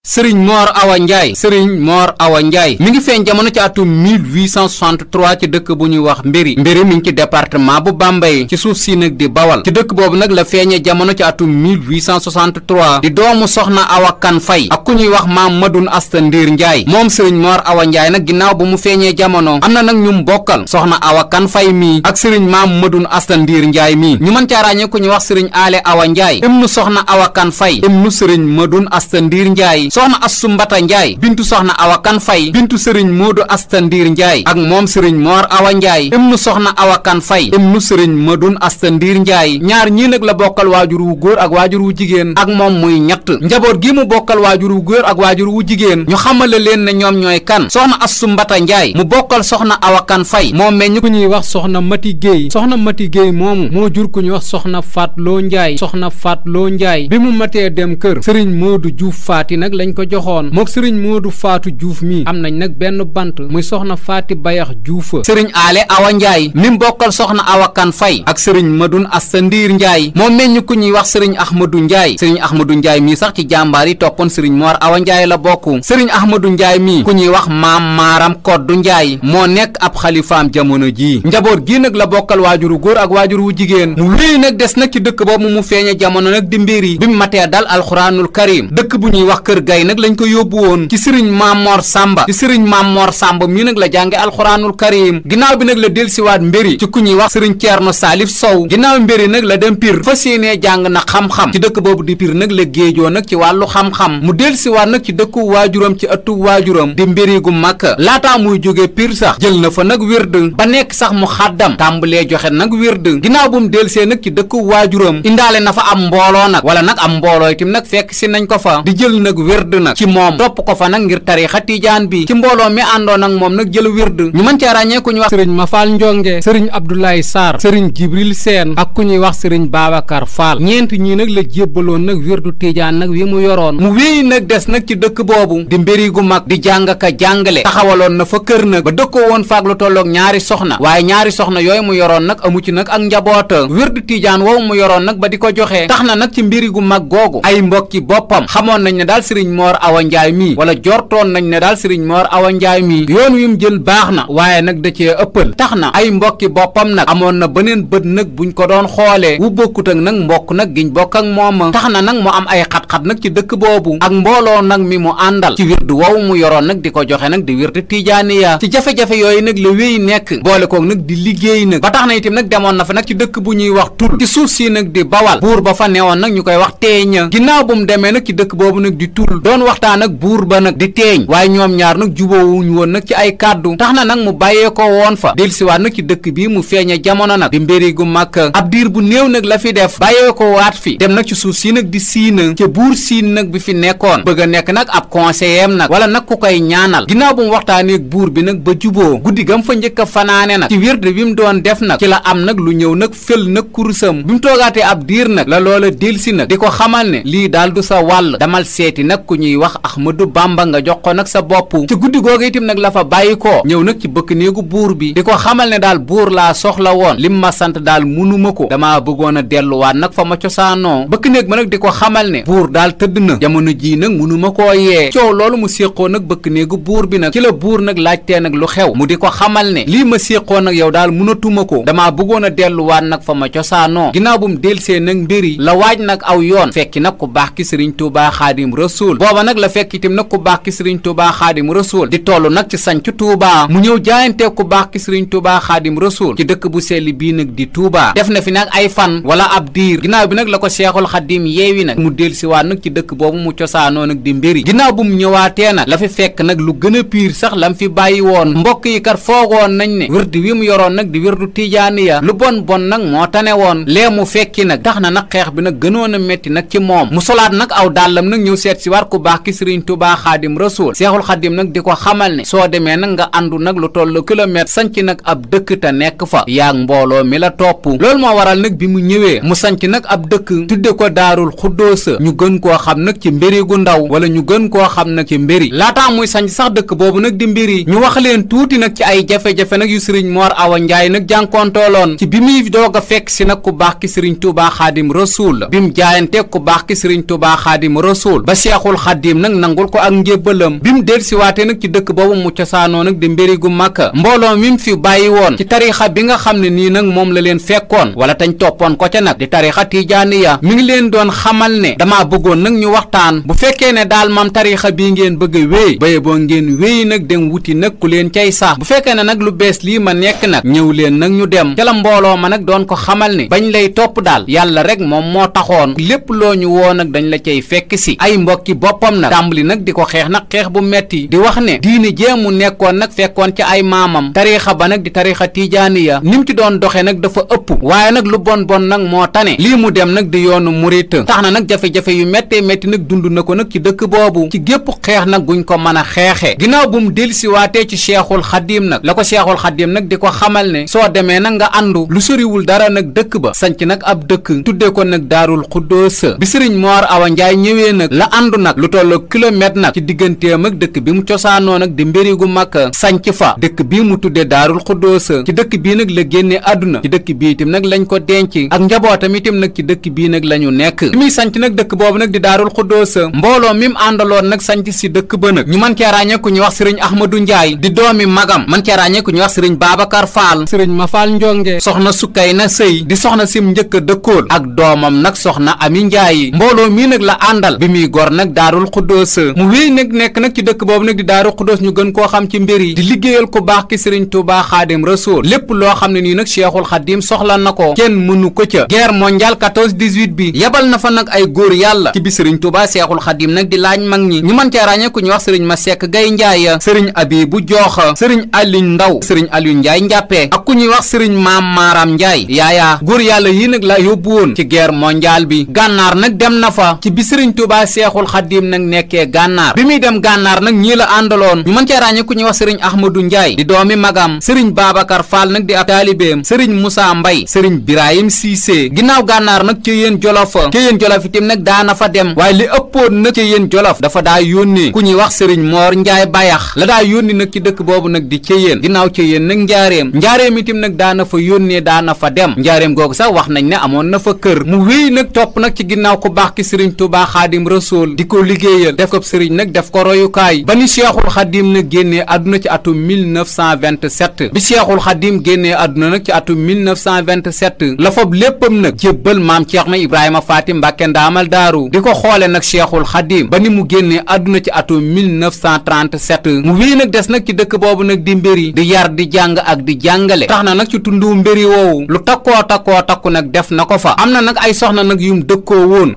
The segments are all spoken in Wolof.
sëriñ moor awa njaay sëriñ moor awa njaay mi ngi feeñ jamono ci atum 1863 ci dëkk bu ñuy wax mbiri mbiri mi ngi ci département bu bambey ci suuf si nag di bawal ci dëkk boobu nag la feeñee jamono ci atum 1863 di doomu soxna awa kan fay ak ku ñuy wax maam madun asta ndiir njaay moom sëriñ moor awa njaay nag ginnaaw bu mu feeñee jamono am na nag ñum bokkal soxna awa kan fay mii ak sëriñ maam madun asta ndiir njaay mii ñu mën caa ràññee ku ñuy wax sëriñ aale awa njaay im nu soxna awa kan fay im nu sëriñ madun asta ndiir njaay soxna Assu Mbata Ndiaye bintu soxna Awa Kan Fay bintu sëriñ Moodu Asta Ndiir Ndiaye ak moom sëriñ Moor Awa Ndiaye ëm nu soxna Awa Kan Fay ëm nu sëriñ Madun Asta Ndiir Ndiaye ñaar ñii nag la bokkal waajur wu góor ak waajur wu jigéen ak moom muy ñett njaboot gi mu bokkal waajur wu góor ak waajur wu jigéen ñu xamale leen ne ñoom ñooy kan soxna Assu Mbata Ndiaye mu bokkal soxna Awa Kan Fay moom meññ ku ñuy wax soxna Mati Géey soxna Mati Géey moomu moo jur ku ñuy wax soxna Faat Loo Ndiaye soxna Faat Loo Ndiaye bi mu matee dem kër sëriñ Moodu Juuf Faati nag lañ ko joxoon mook sëriñ du faatu Diouf mii am nañ nag benn bant muy soxna Faati Bayax Diouf sëriñ Aale Awa Ndiaye mi mbokkal soxna Awa Kan Fay ak sëriñ Madoun Asta Ndiir Ndiaye moo meññ ku ñuy wax sëriñ Ahmadou Ndiaye sëriñ Ahmadou Ndiaye mii sax ci jàmbaar yi toppoon sëriñ Mor Awa Ndiaye la bokk sëriñ Ahmadou njaay mii ku ñuy wax maam Maaram Koddu Ndiaye moo nekk ab xalifaam jamono jii njaboot gii nag la bokkal waajuru góor ak waajur wu jigéen des nag ci dëkk boobu mu feeñe jamono nag di yi bi dal alxuraanul karim gay nag lañ ko yóbbu woon ci sëriñ Mamor Samba ci sëriñ Mamor Samba mii nag la jànge alxuraanul karim ginnaaw bi nag la delsiwaat mbéri ci ku ñuy wax sëriñ Ceerno Salif Sow ginnaaw mbéri nag la dem pir fas yéenee jàng na xam-xam ci dëkk boobu di piir nag la géejoo nag ci wàllu xam-xam mu delsiwaat nag ci dëkku waajuram ci ëttu waajuram di mbéri gu màkka laataa muy jóge pir sax jël na fa nag wird ba nekk sax mu xàddam tàmbalee joxe nag wird ginnaaw bu mu delsee nag ci dëkku waajuram indaale na fa am mbooloo nag wala nag am mbooloo itam wird nag ci moom topp ko fa nag ngir tariixa tiijaan bi ci mbooloo mi àndoon ak moom nag jël wird ñu mën cee ràññee ku ñuy wax sëriñ Mafal Njonge sëriñ Abdoulaye Sarr sëriñ Jibril Seen ak ku ñuy wax sëriñ Babacar Fall ñeent ñii nag la jébbaloon nag wirdu tiijaan nag wi mu yoroon mu wéy nag des nag ci dëkk boobu di mbiri gu mag di jàng a jàngale taxawaloon na fa kër nag ba dëkkoo woon faag lu tolloog ñaari soxna waaye ñaari soxna yooyu mu yoroon nag amu ci nag ak njaboota wirdu tiijaan woowu mu yoroon nag ba di ko joxee gu mag googu ay Serigne Mor Awa Ndiaye mii wala jortoon nañ ne daal Serigne Mor Awa njaay mii yoon wi mu jël baax na waaye nag da cee ëppal tax na ay mbokki boppam nag amoon na beneen bët nag bu buñ ko doon xoolee wu bokkut ak nag mbokk nag giñ bokk ak mooma tax na nag mu am ay xat-xat nag ci dëkk boobu ak mbooloo nag mi mu àndal ci wirdu wow mu yoroon nag di ko joxe nag di wirdu tijaaniya ci jafe-jafe yooyu nag la wéy nekk boole koog nag di liggéey nag ba tax na itam nag demoon na fa nag ci dëkk bu ñuy wax tul ci suuf si nag di bawal buur ba fa newoon nag ñu koy wax am doon waxtaan ak buur ba nag di teeñ waaye ñoom ñaar nag jubóowuñ woon nag ci ay kàddu tax na nag mu bàyyee ko woon fa delsiwaat nag ci dëkk bi mu feeñe jamono nag di mbéri gu màkk ab diir bu néew nag la fi def bàyyee ko waat fi dem nag ci suuf si nag di siina ca buur siin nag bi fi nekkoon bëgg a nekk nag ab conseiller nag wala nag ku koy ñaanal ginnaaw bu mu waxtaanee ak buur bi nag ba juboo guddi gam fa njëkk a fanaane nag ci wirde bi mu doon def nag ci la am nag lu ñëw nag fël nag kurusam bi mu toogaatee ab diir nag la loola delsi nag di ko xamal ne lii daal du sa wàll seeti nag ku ñuy wax Ahmadou Bamba nga jox ko nag sa bopp ci guddi googu itam nag la fa bàyyi ko ñëw nag ci bëkk néegu buur bi di ko xamal ne daal buur laa soxla woon li ma sant daal munuma ko damaa bëggoon a delluwaat nag fa ma cosaanoo bëkk néeg ma nag di ko xamal ne buur daal tëdd na jamono jii nag munuma koo yee coow loolu mu séqoo nag bëkk néegu buur bi nag ci la buur nag laajtee nag lu xew mu di ko xamal ne lii ma séqoo nag yaw daal munatuma ko damaa bëggoon a delluwaat nag fa ma cosaanoo ginnaaw bu mu delsee nag mbir la waaj nag aw yoon fekki nag ku baax ki rasul booba nag la fekk itam nag ku baax ki sëriñ Tuubaa xaadim rasul di toll nag ci sanc Tuubaa mu ñëw jaayantee ku baax ki sëriñ Tuubaa xaadim rasul ci dëkk bu selli bii nag di Tuubaa def na fi nag ay fan wala ab diir ginnaaw bi nag la ko seexul xaadim yeewi nag mu del siwaat nag ci dëkk boobu mu cosaanoo nag di mbiri ginnaaw bu mu ñëwaatee nag la fi fekk nag lu gën a piir sax lam fi bàyyi woon mbokk yi kat foogoon nañ ne wërdu wi mu yoroon nag di wërdu tijaaniya lu bon bon nag moo tane woon lee mu fekki nag tax na nag xeex bi a metti nag ci moom ziar ku baax ki sëriñ tubaa xaadim rasuul seexul xaadim nag di ko xamal ne soo demee nag nga àndu nag lu tollu kilomètre sanc nag ab dëkk te nekk fa yaag mbooloo mi la topp lool moo waral nag bi mu ñëwee mu sanc nag ab dëkk tudde ko daarul sa ñu gën koo xam nag ci mbiri gu ndaw wala ñu gën koo xam nag ci mbiri laataa muy sanc sax dëkk boobu nag di mbiri ñu wax leen tuuti nag ci ay jafe-jafe nag yu sëriñ Mor Awa Njaay nag jànkontooloon ci bi muy doog a fekk si nag ku baax ki sëriñ tubaa baax ki sëriñ seexul xaddiim nag nangul ko ak njébbalam bi mu del siwaate nag ci dëkk boobu mu cosaanoo nag di mbéri gu mi xam ne nii nag moom la leen fekkoon wala tañ toppoon ko ca nag di tarixa tijaaniya mi ngi leen doon xamal ne dama bëggoon nag ñu waxtaan bu fekkee ne daal mam tarixa bii ngeen bëgg a wéy baye boo ngeen wéy nag dem wuti nag ku leen cay sax bu fekkee ne nag lu bees lii ma nekk nag ñëw leen nag ñu dem ca la mbooloo ma nag doon ko xamal ne bañ lay topp daal yàlla rek moom moo taxoon lépp loo ñu woo nag dañ la cay fekk si ay mbokki boppam nag tàmbali nag di ko xeex nag xeex bu metti di wax ne diine jee mu nekkoon nag fekkoon ci ay maamam tariixa ba nag di tariixa tijaaniya ni mu ci doon doxe nag dafa ëpp waaye nag lu bon bon nag moo tane lii mu dem nag di yoonu murit tax na nag jafe-jafe yu méttee métti nag dund na ko nag ci dëkk boobu ci gépp xeex nag guñ ko mën a xeexee ginnaaw bu mu dellusiwaatee ci Seexul Xadiim nag la ko Seexul Xadiim nag di ko xamal ne soo demee nag nga àndu lu soriwul dara nag dëkk ba sanc nag ab dëkk tuddee ko nag daarul xuddoos bi sëriñ Moor Awa Njaay ñëwee nag la àndu na nag lu toll kilomètre nag ci digganteem ak dëkk bi mu cosaanoo nag di gu mag sanc fa dëkk bi mu tudde daarul xuddoos ci dëkk bii nag la génne àdduna dëkk bii itam nag lañ ko denc ak njabootam itam nag ci dëkk bii nag la ñu nekk bi muy sanc nag dëkk boobu nag di daarul xuddoos mbooloo mi mu àndaloon nag sanc si dëkk ba nag ñu mën cee ràññee ñu wax sëriñ Ahmadou Ndiaye di doomi magam mën cee ràññee ku ñu wax sëriñ Babacar Fall sëriñ Mafal Njonge soxna sukkay na sëy di soxna sim njëkk dëkkool ak doomam nag soxna Ami Ndiaye mbooloo daarul xuddoos mu wéy nag nekk nag ci dëkk boobu nag di daarul xuddoos ñu gën koo xam ci mbir di liggéeyal ku baax ki sëriñ Tuubaa xaadim rasool lépp loo xam ne nii nag Seexul Xaadim soxla na ko kenn mënu ko ca guerre mondiale 14 18 bi yabal na fa nag ay góor yàlla ci bi sëriñ Tuubaa Seexul Xaadim nag di laaj mag ñi ñu mën cee ràññee ku ñu wax sëriñ ma sekk gay njaaya sëriñ bu Jooxa sëriñ Aliñ Ndaw sëriñ Aliou Njaay njàppee ak ku ñuy wax sëriñ maam maaram Njaay yaayaa góor yàlla yi nag la yóbbu woon ci guerre mondiale bi xaddiim nag nekkee gànnaar bi muy dem gànnaar nag ñii la àndaloon ñu man cee ràññe ku ñuy wax sëriñ ahmadu njaay di doomi magam sëriñ baabakar faal nag di ab taalibeem sëriñ musa mbay sëriñ birahim siise ginnaaw gànnaar nag ci yéen jolof ci yéen jolof itam nag daana fa dem waaye li ëppoon nag ci yéen jolof dafa daa yónnee ku ñuy wax sëriñ moor njaay bayax la daa yónni nag ci dëkk boobu nag di ci yéen ginnaaw ci yéen nag njaareem njaareem itam nag daana fa yónnee daana fa dem njaareem googu sax wax nañ ne amoon na fa kër mu wéy nag topp nag ci ginnaaw ku baax ki sëriñ tubaa xaadim ko liggéeyal def ko sëriñ nag def ko royukaay ba ni cheikhul xadim nag génnee àdduna ci atum 1927 bi cheikhul xadim génnee àdduna nag ci atum 1927 la fab léppam nag jébbal maam Ceerno Ibrahima Faati Mbàkke ndaamal daaru di ko xoole nag cheikhul xadim ba ni mu génnee àdduna ci atum 1937 mu wii nag des nag ci dëkk boobu nag di mbiri di yar di jàng ak di jàngale tax na nag ci tundu mbiri woowu lu takkoo takkoo takku nag def na ko fa am na nag ay soxna nag yum dëkkoo woon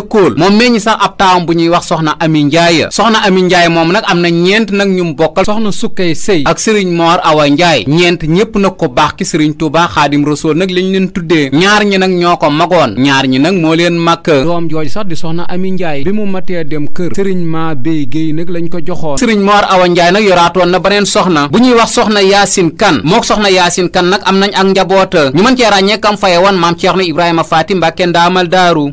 dëkkool moom meññi sax ab taawam bu ñuy wax soxna ami Ndiaye soxna ami Ndiaye moom nag am na ñeent nag ñu bokkal soxna sukkay sëy ak sëriñ Moor Awa Ndiaye ñeent ñépp nag ko baax ki sëriñ Touba Xaadim Rasuul nag liñ leen tuddee ñaar ñi nag ñoo ko magoon ñaar ñi nag moo leen mag doom jooju sax di soxna ami njaay bi mu matee dem kër sëriñ maa béy géey nag lañ ko joxoon sëriñ Moor Awa njaay nag yoraatoon na beneen soxna bu ñuy wax soxna Yaasin Kan mook soxna Yaasin Kan nag am nañ ak njaboota ñu mën cee ràññee kam faye woon maam Ceerno Ibrahima Faati Mbàkke ndaamal daaru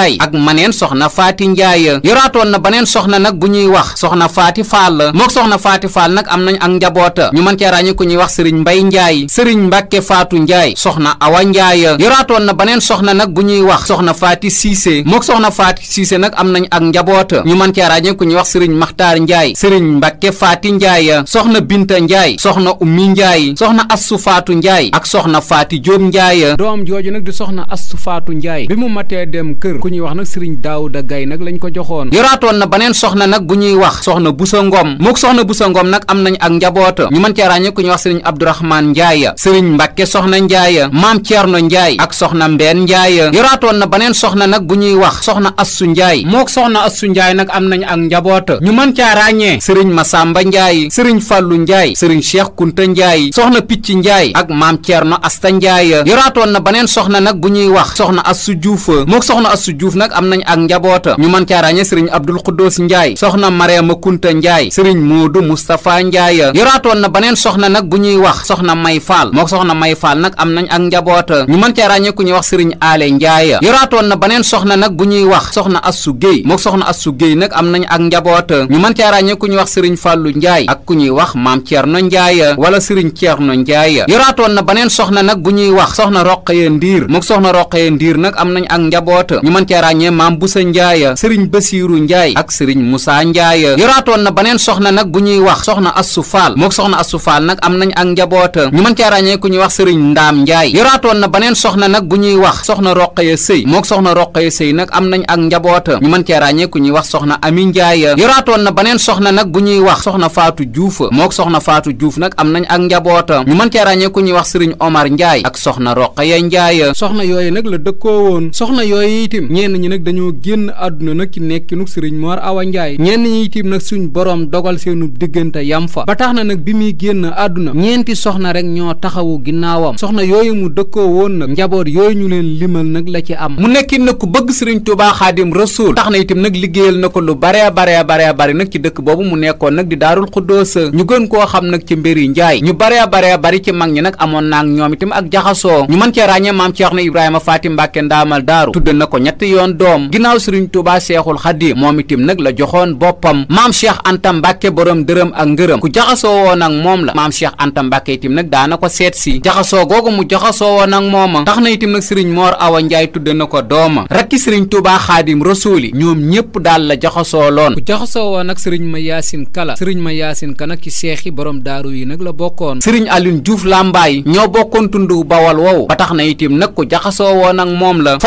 Njaay ak maneen soxna faati Njaay yoraatoon na baneen soxna nag bu ñuy wax soxna faati Fall mook soxna faati Fall nag am nañ ak njaboota ñu mën cee ràññi ku ñuy wax sëriñ Mbay Njaay sëriñ Mbàkke Faatu Njaay soxna Awa Njaay yoraatoon na baneen soxna nag bu ñuy wax soxna faati Siise mook soxna faati Siise nag am nañ ak njaboota ñu mën cee ràññi ku ñuy wax sëriñ Maxtaar Njaay sëriñ Mbàkke faati Njaay soxna Binta Njaay soxna Ummi Njaay soxna Assu Faatu Njaay ak soxna faati Jóob Njaay doom jooju nag di soxna Assu Faatu Njaay bi mu matee dem kër ku ñuy wax nag sëriñ Daawuda Gay nag lañ ko joxoon yoraatoon na beneen soxna nag bu ñuy wax soxna Busa Ngom mook soxna Busa Ngom am nañ ak njaboota ñu mën cee ku ñuy wax sëriñ Abdourahmaan Njaaya sëriñ Mbàkke soxna Njaaya maam Ceerno Njaay ak soxna Mbeen Njaaya yoraatoon na beneen soxna nag bu ñuy wax soxna Assu Njaay mook soxna Assu Njaay nag am nañu ak njaboota ñu mën caa ràññee sëriñ Masamba Njaay sëriñ Fàllu Njaay sëriñ Cheikh Kunta Njaay soxna Picc Njaay ak maam Ceerno Asta Njaay yoraatoon na beneen soxna nag bu ñuy wax soxna Assu Juufa mook soxna Assu Diouf nag am nañ ak njaboota ñu mën caa ràññee sëriñ Abdul Xuddoos Njaay soxna Mariama Kunta Njaay sëriñ Moodu Mustapha Njaay yoraatoon na baneen soxna nag bu ñuy wax soxna May Faal moo soxna May Faal nag am nañ ak njaboota ñu mën caa ràññee ku ñuy wax sëriñ Aale Njaay yoraatoon na baneen soxna nag bu ñuy wax soxna Assu Géey moo soxna Assu Géey nag am nañ ak njaboota ñu mën caa ràññee ñuy wax sëriñ Fàllu Njaay ak ku ñuy wax Maam Ceerno Njaay wala sëriñ Ceerno Njaay yoraatoon na baneen soxna nag bu ñuy wax soxna roq Roqaya Ndiir moo soxna Roqaya Ndiir nag am nañ ak njaboota ca ràññee maam Busa Njaay sëriñ Basiiru Njaay ak sëriñ Musaa Njaay yoraatoon na baneen soxna nag bu ñuy wax soxna Assu Faal mook soxna Assu Faal nag am nañ ak njaboota ñu mën caa ràññee ñuy wax sëriñ Ndaam Njaay yoraatoon na baneen soxna nag bu ñuy wax soxna Roqaya Sëy mook soxna Roqaya Sëy nag am nañ ak njaboota ñu mën caa ràññee ku ñuy wax soxna Ami Njaay yoraatoon na baneen soxna nag bu ñuy wax soxna Faatu Juuf mook soxna Faatu Juuf nag am nañ ak njaboota ñu mën caa ràññee ñuy wax sëriñ Omar Njaay ak soxna Roqaya Njaay soxna yooyu nag la dëkkoo soxna yooyu itim ñenn ñi nag dañoo génn àdduna nag ci nekkinu sëriñ Mor Awa Ndiaye ñenn ñi itim nag suñ borom dogal seenu diggante yam fa ba tax na nag bi muy génn àdduna ñeenti soxna rek ñoo taxawu ginnaawam soxna yooyu mu dëkkoo woon nag njaboot yooyu ñu leen limal nag la ci am mu nekkin nag ku bëgg sëriñ Tuubaa Xaadim Rasuul tax na itam nag liggéeyal na ko lu bare baree baree bari nag ci dëkk boobu mu nekkoon nag di daarul xuddoosa ñu gën koo xam nag ci mbiri njaay ñu baree baree bari ci mag ñi nag amoon naag ñoom itam ak jaxasoo ñu mën cee ràññee maam Cheikh na Ibrahima Faati Mbàkke ndaamal daaru tudd na ko ñett ñaari yoon doom ginnaaw sëriñ Tuubaa Seexul Xadiim moom itim nag la joxoon boppam maam Cheikh Anta Mbàkke borom dërëm ak ngërëm ku jaxasoo woon ak moom la maam Cheikh Anta Mbàkke itim nag daanako ko seet si jaxasoo googu mu jaxasoo woon ak mooma tax na itim nag sëriñ Moor Awa Njaay tudde na ko dooma rakki sëriñ Tuubaa Xaadim Rasuuli ñoom ñépp daal la jaxasoo loon ku jaxasoo woon ak sëriñ ma Yaasin Kala sëriñ ma Yaasin Kana ci seexi borom daaru yi nag la bokkoon sëriñ Alioune Diouf Lambaay ñoo bokkoon tundu Bawal tax na itim nag ku jaxasoo woon ak moom la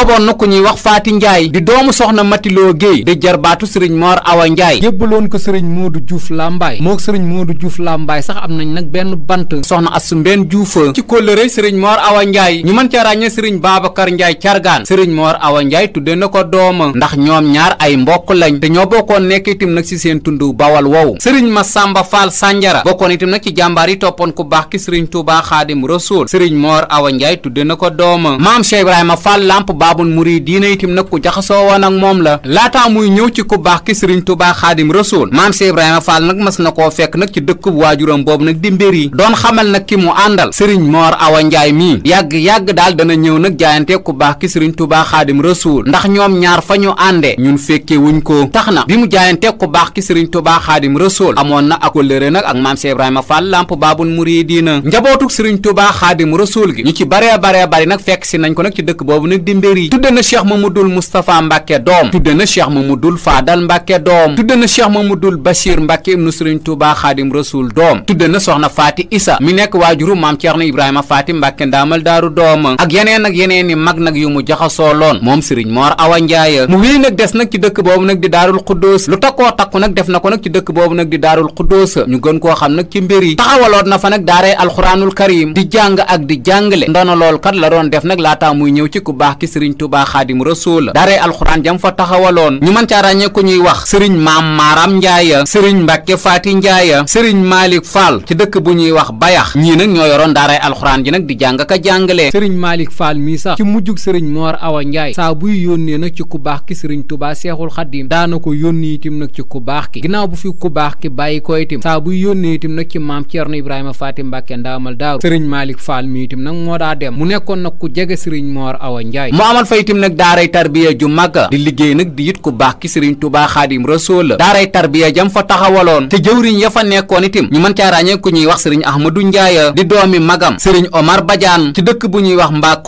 Amady Ndiaye di doomu soxna Matiloo Guèye di jarbaatu sëriñ Mor Awa Ndiaye jébbaloon ko sëriñ Modou Diouf Lambaye mook sëriñ Modou Diouf Lambaye sax am nañ nag benn bant soxna Astou Mbène Diouf ci kóllëre sëriñ Mor Awa Ndiaye ñu mën ca ràññee sëriñ Babacar Ndiaye Cargaan sëriñ Mor Awa Ndiaye tudde na ko dooma ndax ñoom ñaar ay mbokk lañ te ñoo bokkoon nekk itam nag ci seen tundu bawal woowu sëriñ Massamba Fall Sanjara bokkoon itam nag ci jàmbaar yi toppoon ku baax ki sëriñ Touba Xaadim Rasuul sëriñ Mor Awa Ndiaye tudde na ko la ku jaxasoo woon ak moom la laataa muy ñëw ci ku baax ki sëriñ tubaa xaadim rasuul maam si ibrahima fall nag mas na koo fekk nag ci dëkkub waajuram boobu nag di mbir yi doon xamal nag ki mu àndal sëriñ moor awa njaay mii yàgg-yàgg daal dana ñëw nag jaayante ku baax ki sëriñ tubaa xaadim rasuul ndax ñoom ñaar fa ñu ànde ñun fekke wuñ ko tax na bi mu jaayante ku baax ki sëriñ tubaa xaadim a amoon na ak wëllëre nag ak maam si ibrahima fall lamp baabul muriidiina njabootug sëriñ tubaa xaadim rasuul gi ñu ci bare bare bari nag fekk si nañ ko nag ci dëkk boobu nag di mbir Mamadul Moustapha Mbacke doom tudde na Cheikh Mamadul Faadal Mbacke doom tudde na Cheikh Mamadul Bachir Mbacke ibnu Sëriñ Tuuba Xaadim Rasul doom tudde na soxna Faati Isa mi nekk waajuru maam Ceerno Ibrahima Faati Mbacke ndaamal daaru doom ak yeneen ak yeneen i mag nag yu mu jaxasoo loon moom Sëriñ Moor Awa Njaay mu wéy nag des nag ci dëkk boobu nag di daarul xuddoos lu takkoo takku nag def na ko nag ci dëkk boobu di daarul xuddoos ñu gën koo xam nag ci mbir yi taxawaloon na fa nag daaray alxuraanul karim di jàng ak di jàngale ndono lool kat la doon def nag laataa muy ñëw ci Rasul daaray alxuraan jam fa taxawaloon ñu mën caa ràññee ku ñuy wax sëriñ maam maaram njaaya sëriñ mbàkke faati njaaya sëriñ maalik faal ci dëkk bu ñuy wax bayax ñii nag ñoo yoroon daaray alxuraan ji nag di jàng ka jàngale sëriñ maalik faal mii sax ci mujjug sëriñ moor awa njaay saa buy yónnee nag ci ku baax ki sëriñ tubaa seexul xaddiim daana ko yónni itim nag ci ku baax ki ginnaaw bu fi ku baax ki bàyyi ko itim saa buy yónnee itim nag ci maam ceerno ibrahima faati mbàkke ndaamal daaru sëriñ maalik faal mii itim nag moo daa dem mu nekkoon nag ku jege sëriñ moor awa njaay mu tarbiya ju màgg di liggéey nag di it ku baax ki sëriñ daaray tarbiya jam fa taxawaloon te jëwriñ ya fa nekkoon itim ñu mën caa ràññee ku ñuy wax sëriñ ahmadu njaaya di doomi magam sëriñ omar badiane ci dëkk bu ñuy wax mbaa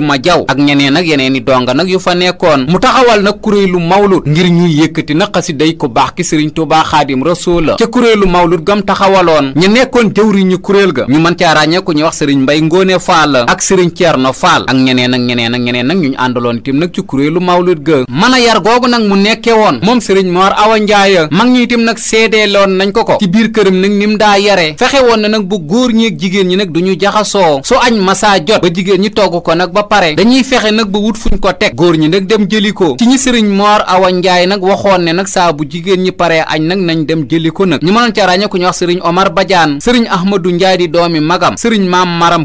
ma jaw ak ñeneen ak yeneen i donga nag yu fa nekkoon mu taxawal nag kuréelu mawlut ngir ñuy yëkkati na xasiday ku baax ki sëriñ tubaa xaadim rasool la ca kuréelu mawlut gam taxawaloon ñu nekkoon jëwriñu kuréel ga ñu mën caa ràññee ku ñuy wax sëriñ mbay ngóone faal ak sëriñ ceerno faal ak ñeneen ak ñeneen ak ñeneen nag ñu àndaloon itam nag ci kuréelu mawlud ga mën a yar googu nag mu nekke woon moom sëriñ Mor Awa Ndiaye mag ñi itam nag seedeeloon nañ ko ko ci biir kër nag ni mu daa yare fexe woon na nag bu góor ñi jigéen ñi nag du duñu jaxasoo su añ masaa jot ba jigéen ñi togg ko nag ba pare dañuy fexe nag ba wut fuñ ko teg góor ñi nag dem jëli ko ci ñi sëriñ Mor Awa njaay nag waxoon ne nag saa bu jigéen ñi paree añ nag nañ dem jëli ko nag ñu mënoon ca ràññe ku ñu wax sëriñ Omar Badiane sëriñ Ahmadou Ndiaye di doomi magam sëriñ maam maram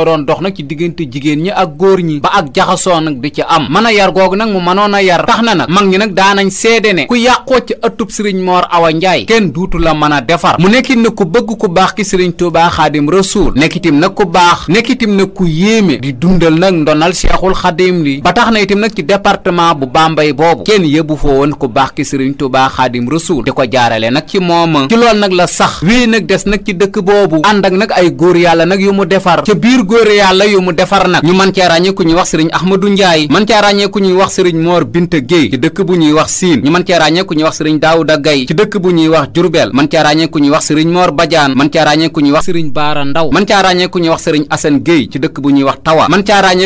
ñoo doon dox nag ci diggante jigéen ñi ak góor ñi ba ak jaxasoo nag di ci am mën a yar googu nag mu mënoon a yar tax na nag mag ñi nag daanañ seede ne ku yàqoo ci ëttub sëriñ Moor Awa Njaay kenn duutu la mën a defar mu nekkitim nag ku bëgg ku baax ki sëriñ Tuubaa Xaadim Rasuul nekkitim nag ku baax nekkitim nag ku yéeme di dundal nag ndonal Seexul Xaadim li ba tax na itam nag ci département bu Bambey boobu kenn yëbbu foo woon ku baax ki sëriñ Tuubaa Xaadim Rasuul ko jaarale nag ci mooma ci lool nag la sax wéy nag des nag ci dëkk boobu ànd ak nag ay góor yàlla nag yu mu defar ca biir góore yàlla yu mu defar nag ñu man ku ñuy wax sëriñ Ahmadou Ndiaye man cee ràññee ku ñuy wax sëriñ Mor Binta Guèye ci dëkk bu ñuy wax Siin ñu man cee ràññee ku ñuy wax sëriñ Daouda Gaye ci dëkk bu ñuy wax Jurbel man cee ràññee ku ñuy wax sëriñ Mor Badiane man cee ràññee ku ñuy wax sëriñ Baara Ndaw man ku ñuy wax sëriñ Assane Guèye ci dëkk bu ñuy wax Tawa man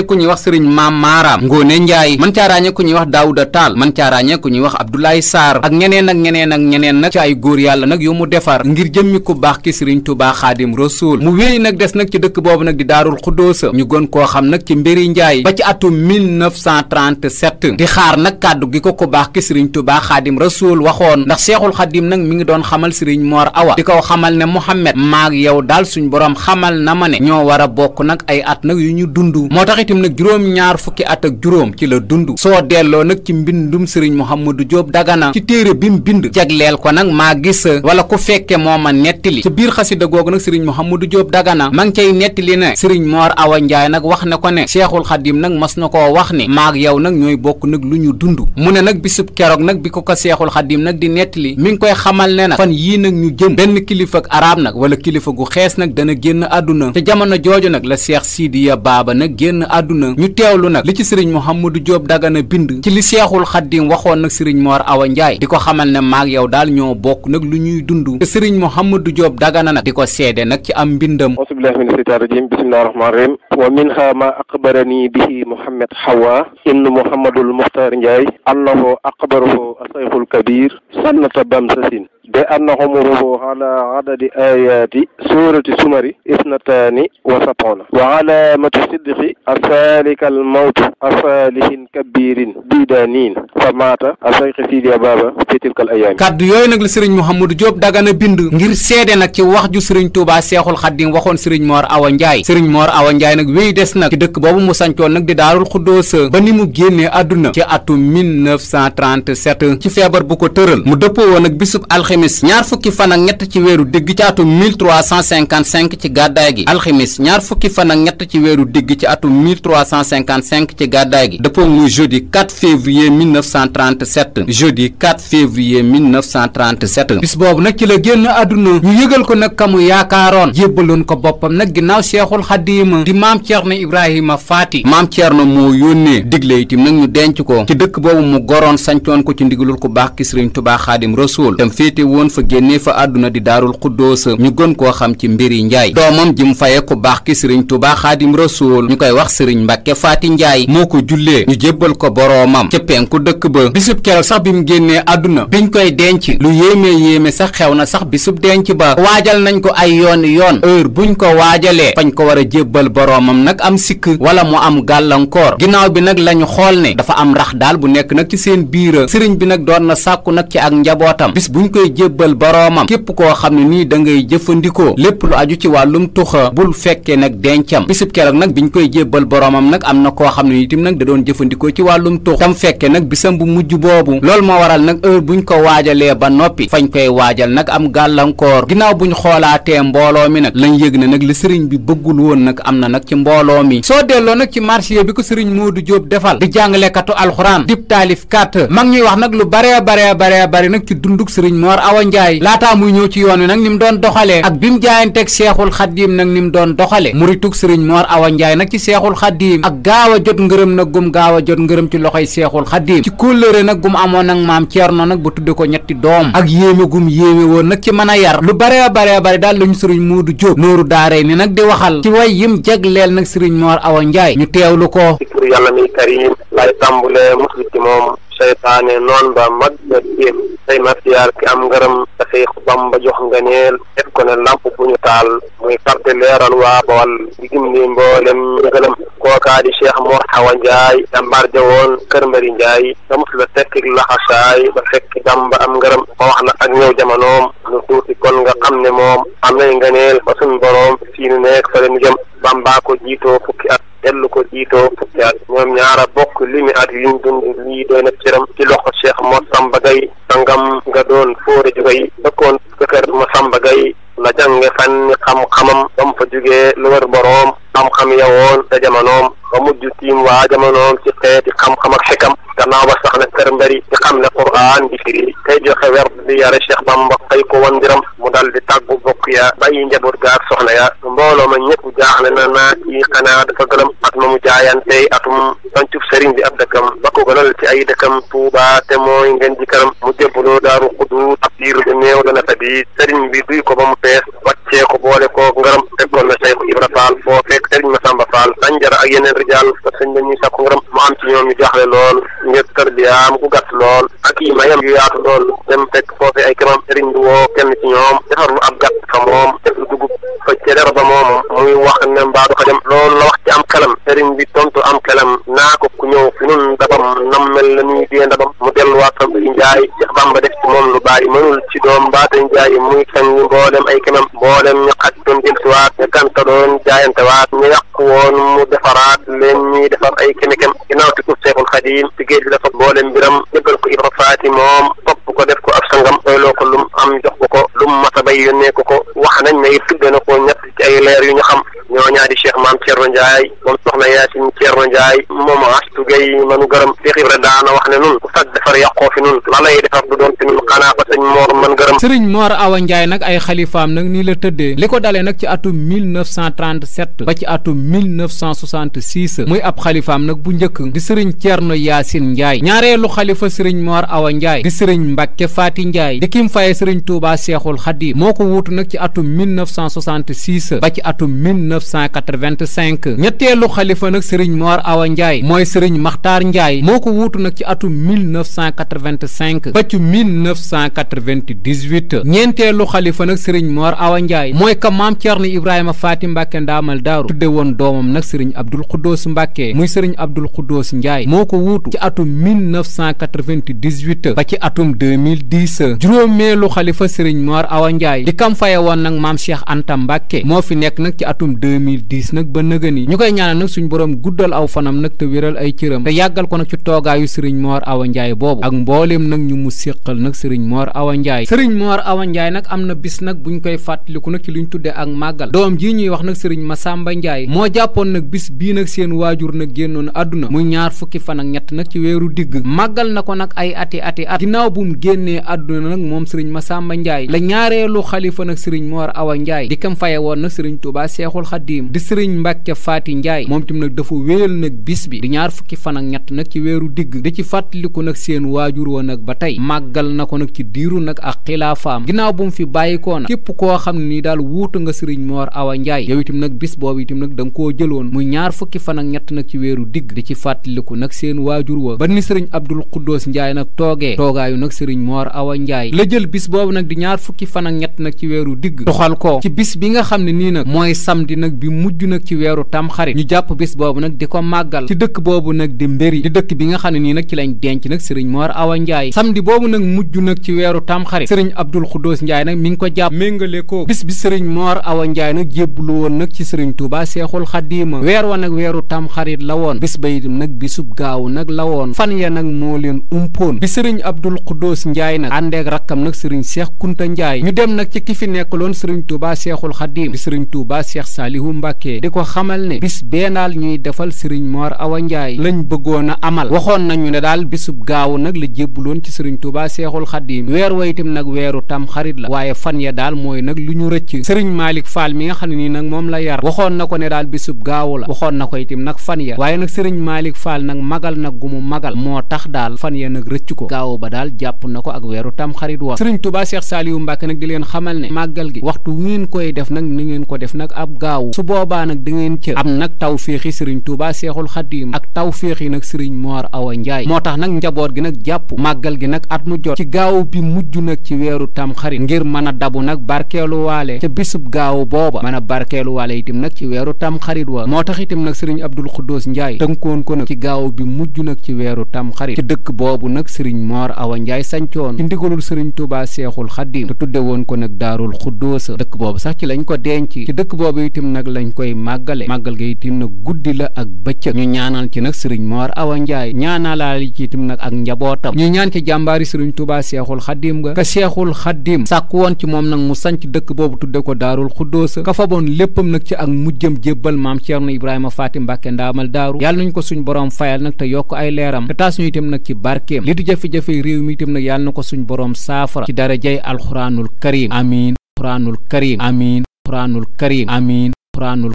ku ñuy wax sëriñ Maam Maaraam Ngóone Ndiaye man cee ràññee ku ñuy wax Daouda Tall man cee ràññee ku ñuy wax Abdoulaye Sarr ak ñeneen ak ñeneen ak ñeneen ay góor yàlla nag yu mu defar ngir jëmmi ku baax ki sëriñ Tuubaa Xaadim Rasuul daarul xuddoosa ñu koo xam nag ci mbiri njaay ba ci atum 1937 di xaar nag kàddu gi ko ku baax ki sëriñ tubaa xaadim rasuul waxoon ndax seexul xaadim nag mi ngi doon xamal sëriñ moor awa di ko xamal ne mohammed maag yow daal suñ boroom xamal na ma ne ñoo war a bokk nag ay at nag yu ñu dund moo tax itam nag juróom-ñaar fukki at ak juróom ci la dund soo delloo nag ci mbindum sëriñ mouhamadou jóob dagana ci téere bi mu bind jagleel ko nag maa gisa wala ku fekke moo ma nettali ci biir xasida googu nag sëriñ mouhamadou jóob dagana ma ngi cay nettali ne sëriñ sëriñ moor awa njaay nag wax ne ko ne seexul xadim nag mas na koo wax ni maag yow nag ñooy bokk nag lu ñu dund mu ne nag bisub keroog nag bi ko ko seexul xadim nag di nettali mi ngi koy xamal ne nag yii nag ñu jëm kilifa ak nag wala kilifa gu xees nag dana génn àdduna te jamono jooju nag la seex siidiya baaba nag génn àdduna ñu teewlu nag li ci sëriñ mouhamadou joob dagana bind ci li seexul xadim waxoon nag sëriñ moor awa njaay di ko xamal ne maag yow daal ñoo bokk nag lu ñuy dund te sëriñ mouhamadou joob dagana nag di ko seede nag ci am mbindam bismillahi rahmaani rahim wa minha ma aqbarani bihi muhammad hawa ibnu muhammadul muxtaar njaay annahu aqbarahu asayxul kabir sannata bamsasin bi annahum rubu ala adadi ayati surati sumari isnatani wa sapona wa alamatu sidqi asalika almawtu asalihin kabirin bidanin fa maata asayqi sidia baba fi tilka al ayami kaddu yooyu nag la sëriñ Mouhamadou Diop Dagana bind ngir seede nag ci wax ju sëriñ Touba Seexul Xaddim waxoon sëriñ Mor Awa Ndiaye sëriñ Mor Awa Ndiaye nag wéy des nag ci dëkk boobu mu sancoon nag di daarul xuddoosa ba ni mu génnee àdduna ci atum ci feebar bu ko tëral mu alximis ñaar fukki fan ak ñett ci weeru digg ci atum 1355 ci gàddaay gi alximis ñaar fukki fan ak ñett ci weeru digg ci atum 1355 ci gàddaay gi dëppoog muy jeudi 4 février 1937 jeudi 4 février 1937 bis boobu nag ci la génn àdduna ñu yëgal ko nag kamu yaakaaroon jébbaloon ko boppam nag ginnaaw seexul xadiima di maam Ceerno Ibrahima Faati maam na moo yónnee digle itam nag ñu denc ko ci dëkk boobu mu goroon sancoon ko ci ndigalul ku baax ki Sëriñ Tubaa Xaadim Rasuul tam féete woon fa génnee fa àdduna di daarul xuddoos ñu gën koo xam ci mbiri njaay doomam ji mu faye ku baax ki sëriñ tubaa xaadim lu ñu koy wax sëriñ mbàkke faati njaay moo ko jullee ñu jébbal ko boroomam ca penku dëkk ba bisub keroog sax bi mu génnee àdduna biñ koy denc lu yéemee yéeme sax xew na sax bisub denc ba waajal nañ ko ay yoon yoon heure buñ ko waajalee fañ ko war a jébbal boroomam nag am sikk wala mu am gàllankoor ginnaaw bi nag lañu xool ne jébbal boroomam képp koo xam ne nii da ngay jëfandikoo lépp lu aju ci wàllum tuxa bul fekkee nag dencam bisub keroog nag biñ koy jébbal boroomam nag am na koo xam ne itam nag da doon jëfandikoo ci wàllum tux tam fekke nag bisam bu mujj boobu loolu moo waral nag heure buñ ko waajalee ba noppi fañ koy waajal nag am gàllankoor ginnaaw buñ xoolaatee mbooloo mi nag lañ yéeg ne nag li sëriñ bi bëggul woon nag am na nag ci mbooloo mi soo delloo nag ci marché bi ko sëriñ Modou Diop defal di jàngalekatu alxuraan dib taalif kat mag ñuy wax nag lu bare bare bare bare nag ci dunduk sëriñ Mor Awa Ndiaye laataa muy ñëw ci yoon wi nag ni mu doon doxalee ak bi mu jaayanteeg seexul xaddiim nag ni mu doon doxalee muritug sëriñ Mor Awa Ndiaye nag ci seexul xaddiim ak gaaw a jot ngërëm nag gaaw a jot ngërëm ci loxoy seexul xaddiim ci kóllëre nag gum amoon nag maam Ceerno nag bu tudde ko ñetti doom ak yéeme gum yéeme woon nag ci mën a yar lu bare bare bare daal lañu sëriñ Moodu Jóob nooru daare ni nag di waxal ci way yim leel nag sëriñ Mor Awa Ndiaye ñu teewlu ko ci tur yàlla mi lay tàmbulee musli ci seytaane noon ba mag nga jéem say matiyaar ki am ngërëm dafay ba jox nga neel def ko ne làmp bu ñu taal muy parte leeral waa bawal di gindi mboolem ngëlëm kookaa di cheikh Mor Awa Njaay jàmbaar ja woon kër Mbari Njaay nga mos la tekki laxasaay ba fekk bamba am ngërëm ba wax na ak ñëw jamonoom lu tuuti kon nga xam ne moom am nay nga neel ba suñ boroom fii nu nekk fa leen jëm bambaa ko jiitoo fukki at dellu ko jiitoo fukki at ñoom ñaara bokk yokk limi at yu ñu dund lii doy na cëram ci loxo Cheikh Massamba Gueye sangam nga doon fóore jógey dëkkoon sa ma Massamba Gueye la jànge fànni xam-xamam ba mu fa jugee lu wër boroom xam-xam yawoon te jamonoom ba mujj tiim waa jamonoom ci xeeti xam-xam ak xikam gannaaw ba sax na kër mbëri ci xam ne quraan di firi tey joxe wer di yare Cheikh Bamba xëy ko wan ndiram mu dal di tàggu bokk ya bàyyi njaboot gaak soxna ya mbooloo ma ñëpp jaaxle na naa ci xanaa dafa gëlëm ma sancub sëriñ bi ab dëkkam ba ko gënal ci ay dëkkam Tuuba te mooy ngeen ji kanam mu jébbaloo daaru xuddu ab diir bu néew dana tabi sëriñ bi duy ko ba mu fees waccee ko boole ko ngaram fekkoon na Cheikh Ibra Fall foo fekk sëriñ Masamba Fall sanjara ak yeneen rijaal fa sëñ dañuy sàkku ngaram mu am ci ñoom ñu jaaxle lool ngir tarbiyaam ku gàtt lool ak yi mayam yu yaatu lool dem fekk foofe ay kamam sëriñ bi woo kenn ci ñoom defarlu ab gàtt fa moom ba moom muy wax ne mbaa du fa dem loolu la wax ci am bi tontu am kalam naa ko ku ñëw fi nun dabam nam mel la nuy dee ndabam mu delluwaat fa i njaay Seex Bamba def ci moom lu bàyyi mënul ci doom mbaata njaay muy sañ ñi mboolem ay kemam mboolem ñu xaj doon jël si waat ñu ganta doon jaayante waat ñu yàq woon mu defaraat leen ñuy defar ay kemikem ginnaaw ti kub Seexul Xadiim ci géej la fa mboolem mbiram jëggal ko Ibra Faati moom topp ko def ko ab sangam doyloo ko lum am jox ko ko lum masa bay yónnee ko ko wax nañ ne it tudde ko ñett ñoo ñaari cheikh maam Thierno Ndiaye moom soxna Yaasin Thierno Ndiaye moom astu gay manu gërëm Cheikh Ibra daana wax ne nun ku defar yàqoo fi nun la lay defar du doon fi nun xanaa ko sëñ Moor man gërëm sëriñ Moor Awa Ndiaye nag ay xalifaam nag nii la tëddee li ko dalee nag ci atum 1937 ba ci atum 1966 muy ab xalifaam nag bu njëkk di sëriñ Thierno Yaasin Ndiaye ñaareelu xalifa sëriñ Moor Awa Ndiaye di sëriñ Mbacke Faati Ndiaye di kim faye sëriñ Touba Cheikhul Khadim moo ko nag ci atum 1966 ba ci atum 1985 ñetteelu xalifa nag sëriñ Mor Awa Ndiaye mooy sëriñ Maxtaar Ndiaye moo ko wuutu nag ci atum 1985 ba ci 1998 ñeenteelu xalifa nag sëriñ Mor Awa Ndiaye mooy ka maam Thierno Ibrahima Faati Mbàkke ndaamal daaru tudde woon doomam nag sëriñ Abdul Xuddoos Mbàkke muy sëriñ Abdul Xuddoos Ndiaye moo ko wuutu ci atum 1998 ba ci atum 2010 juróomeelu xalifa sëriñ Mor Awa Ndiaye di kam faye woon nag maam Cheikh Anta Mbàkke moo fi nekk nag ci atum 2010 nag ba nëgëni ñu koy ñaanal nag suñ borom guddal aw fanam nag te wéral ay cëram te yàggal ko nag ci toogaayu sëriñ Mor Awa njaay boobu ak mbooleem nag ñu mu séqal nag sëriñ moor Awa Ndiaye sëriñ Mor Awa Ndiaye nag am na bis nag buñ koy fàttaliku nag ci luñ tuddee ak màggal doom jii ñuy wax nag sëriñ Masamba Ndiaye moo jàppoon nag bis bii nag seen waajur nag génnoon àdduna muy ñaar fukki fan ak ñett nag ci weeru digg màggal na ko nag ay ati ati at ginnaaw bu mu génnee àdduna nag moom sëriñ sàmba Ndiaye la ñaareelu xalifa nag sëriñ Mor Awa Ndiaye di kam faye woon nag xaddiim di sëriñ mbàkke faati njaay moom tam nag dafa wéyal nag bis bi di ñaar fukki fan ak ñett nag ci weeru digg di ci fàttaliku nag seen waajur wa nag ba tey màggal na ko nag ci diiru nag ak xilaafaam ginnaaw bu nag koo xam ne ni daal wuutu nga sëriñ moor awa njaay yow itam nag bis boobu itam nag da koo jëloon muy ñaar fukki fan ak ñett nag ci weeru digg di ci fàttaliku nag seen waajur wa ba ni sëriñ abdul xuddoos njaay nag toogee toogaayu nag sëriñ moor awa njaay la jël bis boobu nag di ñaar fukki fan ak ñett nag ci weeru digg nag bi mujj nag ci weeru tamxarit ñu jàpp bis boobu nag di ko màggal ci dëkk boobu nag di mbéri di dëkk bi nga xam ne nii nag ci lañ denc nag sëriñ Mor Awa Ndiaye samedi boobu nag mujj nag ci weeru tamxarit sëriñ Abdul Xuddoos Ndiaye nag mi nga ko jàpp méngale ko bis bi sëriñ Mor Awa Ndiaye nag jébbalu woon nag ci sëriñ Touba Seexul Xadiima weer wa nag weeru tamxarit la woon bis ba itam nag bisub gaaw nag la woon fan ya nag moo leen umpoon bi sëriñ Abdul Xuddoos Ndiaye nag àndeek rakkam nag sëriñ Seex Kunta Ndiaye ñu dem nag ci ki fi nekkaloon sëriñ Touba Saalihu Mbàkke di ko xamal ne bis bee daal ñuy defal sëriñ Mor Awa Ndiaye bëggoon a amal waxoon nañu ne daal bisub gaaw nag la jébbuloon ci sëriñ Tuubaa Seexul Xadiim weer wa itam nag weeru tam xarit la waaye fan ya daal mooy nag lu ñu rëcc sëriñ Malick Fall mi nga xam ne nii nag moom la yar waxoon na ko ne daal bisub gaaw la waxoon na ko itam nag fan ya waaye nag sëriñ Malick Fall nag magal nag gu mu magal moo tax daal fan ya nag rëcc ko gaaw ba daal jàpp na ko ak weeru tam xarit wa sëriñ Tuubaa Seex Saalihu Mbàkke nag di leen xamal ne màggal gi waxtu wi ngeen koy def nag ni ngeen ko def nag ab gaaw taw su boobaa nag da ngeen ca am nag taw féexi sëriñ Touba Seexul Xadiim ak taw féexi nag sëriñ Moor Awa Njaay moo tax nag njaboot gi nag jàpp màggal gi nag at mu jot ci gaaw bi mujj nag ci weeru tamxarit ngir mën a dabu nag barkeeluwaale ca bisub gaaw booba mën a barkeeluwaale itam nag ci weeru tamxarit wa moo tax itam nag sëriñ Abdul Xuddoos Njaay tënkoon ko nag ci gaaw bi mujj nag ci weeru tamxarit ci dëkk boobu nag sëriñ Moor Awa Njaay sancoon ci ndigalul sëriñ Touba Seexul Xadiim te tudde woon ko nag daarul Xuddoos dëkk boobu sax nag lañ koy màggale màggal ga itam nag guddi la ak bëccëg ñu ñaanal ci nag sëriñ Mor Awa Ndiaye ñaanalaale ci itam nag ak njabootam ñu ñaan ci jàmbaari sëriñ Touba Seexul Xaddim ga ka Seexul Xaddim sàkku woon ci moom nag mu sanc dëkk boobu tudde ko Daarul Xuddoosa ka faboon léppam nag ci ak mujjëm jébbal maam Ceerno Ibrahima Faati Mbàkke ndaamal daaru yal nañ ko suñ borom fayal nag te yokk ay leeram te taas ñu itam nag ci barkeem li di jafe mi itam nag yàlla na ko suñ borom saafara ci darajay alxuraanul karim amin alxuraanul karim alquranul